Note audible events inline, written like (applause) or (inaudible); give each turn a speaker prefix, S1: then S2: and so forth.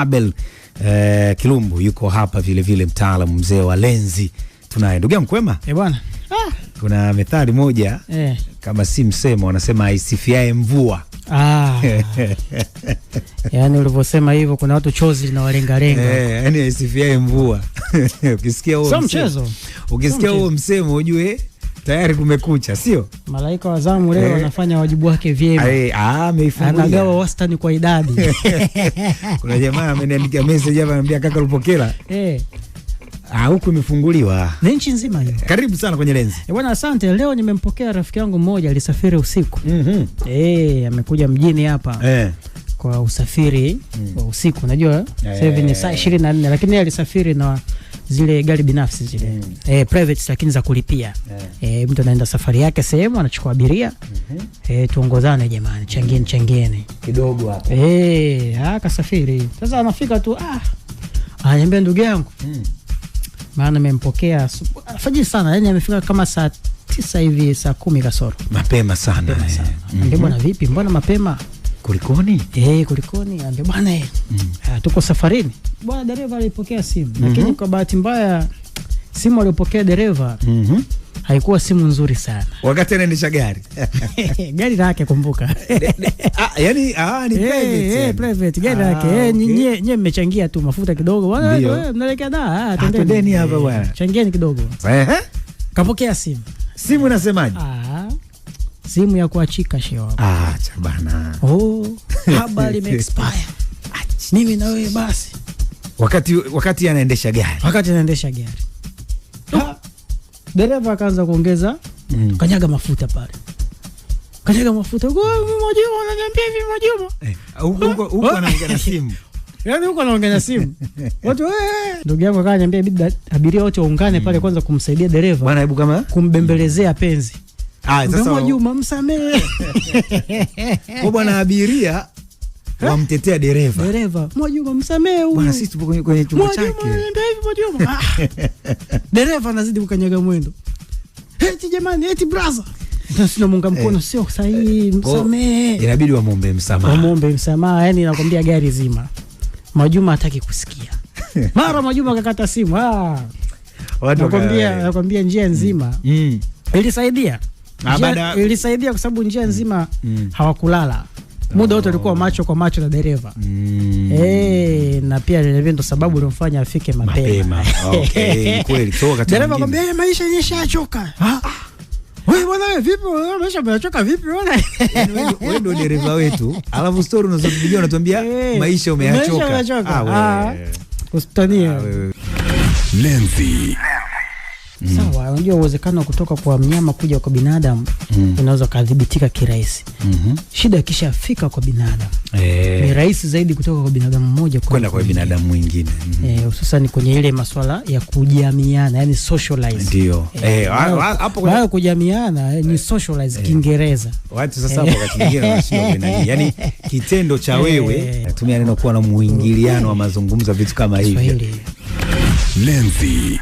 S1: Abel eh, Kilumbu yuko hapa vile vile, mtaalamu mzee wa lenzi tunaye. Ndugu yangu kwema? Eh bwana, ah, kuna methali moja eh, kama si msemo wanasema aisifiae mvua
S2: Ah, (laughs) Yaani ulivyosema hivyo, kuna watu chozi linawalengalenga
S1: eh, yaani aisifiae mvua (laughs) ukisikia
S2: huo msemo,
S1: ukisikia huo msemo ujue tayari kumekucha, sio?
S2: Malaika wa zamu leo eh. wanafanya wajibu wake vyema.
S1: ameifungua
S2: Anagawa wastani kwa idadi
S1: (laughs) kuna jamaa ameniandikia message hapa anambia kaka Lupokela hey. Eh. Ah, huku imefunguliwa.
S2: Ni nchi nzima hiyo.
S1: Karibu sana kwenye lenzi.
S2: Eh, bwana asante. Leo nimempokea rafiki yangu mmoja alisafiri usiku. Mhm. Mm eh, amekuja mjini hapa. Eh. Kwa usafiri mm. wa usiku. Unajua, eh. sasa hivi ni saa 24 lakini yeye alisafiri na zile gari binafsi zile mm. e, private lakini za kulipia yeah. E, mtu anaenda safari yake sehemu anachukua abiria mm -hmm. e, tuongozane jamani, changieni mm. changieni
S1: kidogo hapo
S2: e, akasafiri ah, sasa, anafika tu ah, ananiambia ndugu yangu mm. maana amempokea alfajiri sana, yani amefika kama saa tisa hivi saa kumi kasoro,
S1: mapema sana, sana.
S2: Mm -hmm. Mbona vipi, mbona mapema kulikoni? Eh, kulikoni? Ambia bwana eh. Mm. Eh, tuko safarini. Bwana dereva alipokea simu, mm -hmm. Lakini kwa bahati mbaya simu aliyopokea dereva mm -hmm. Haikuwa simu nzuri sana
S1: (laughs) wakati anaendesha gari
S2: (laughs) gari lake, kumbuka
S1: (laughs) ah, yani ah, ni hey, eh, private, hey, eh,
S2: private gari ah, lake. ah, okay. hey, nyie mmechangia tu mafuta kidogo, bwana mnaelekea da, ah, ah,
S1: tendeni hapa bwana,
S2: changieni kidogo. Kapokea simu, simu ah, simu ya kuachika shewa.
S1: Ah, acha bana.
S2: Oh, habari imeexpire. Mimi na wewe basi.
S1: Wakati wakati anaendesha gari.
S2: Wakati anaendesha gari. Ha, dereva akaanza kuongeza mm. Kanyaga mafuta pale. Kanyaga mafuta. Huko Mwajuma ananiambia hivi
S1: Mwajuma. Huko eh, huko anaongea na simu. (laughs)
S2: Yaani huko anaongea na simu. Watu eh, ndugu yangu akaniambia bidda abiria wote waungane mm. pale kwanza kumsaidia dereva. Bwana, hebu kama kumbembelezea penzi. Sasa Juma msamehe
S1: (laughs) kwa bwana abiria eh? wamtetea dereva
S2: dereva, Mwajuma msamehe huyu
S1: bwana, sisi tupo kwenye chumba chake. Mwajuma
S2: hivi Mwajuma, (laughs) ah. dereva anazidi kukanyaga mwendo, eti jamani, eti brother Muunga eh. mkono sio sahihi, eh. msamehe.
S1: Inabidi wamwombe msamaha,
S2: wamwombe msamaha. Yani nakwambia gari zima, Mwajuma hataki kusikia. (laughs) Mara Mwajuma akakata simu, ah. nakwambia njia nzima mm. mm. ilisaidia ilisaidia kwa sababu njia mm. nzima mm. hawakulala muda wote alikuwa ah. macho kwa macho na dereva
S1: mm.
S2: hey, eh, na pia vilevile ndo sababu ulimfanya afike mapema,
S1: Okay. (laughs) Kweli so
S2: dereva kwambia eh, maisha yeshachoka ah. wewe bwana, wewe vipi wewe, maisha umeachoka vipi bwana?
S1: (laughs) Wewe ndio dereva wetu, alafu story unazopigia unatuambia eh, maisha umeachoka.
S2: Ah, wewe ah, usitanie. Lenzi mm. Sawa, unajua uwezekano kutoka kwa mnyama kuja kwa binadamu mm. unaweza ukadhibitika kirahisi mm -hmm. Shida ikishafika kwa binadamu e. ni rahisi zaidi kutoka kwa binadamu mmoja
S1: kwenda kwa binadamu mwingine
S2: mhm. eh, hususan mm. e, kwenye ile maswala ya kujamiana, yani socialize.
S1: Ndio eh, hapo
S2: kwa kujamiana ni socialize Kiingereza.
S1: Watu sasa hapo wakati mwingine wanashinda, (laughs) yani kitendo cha wewe, natumia neno kuwa na muingiliano wa mazungumzo, vitu kama hivyo. Lenzi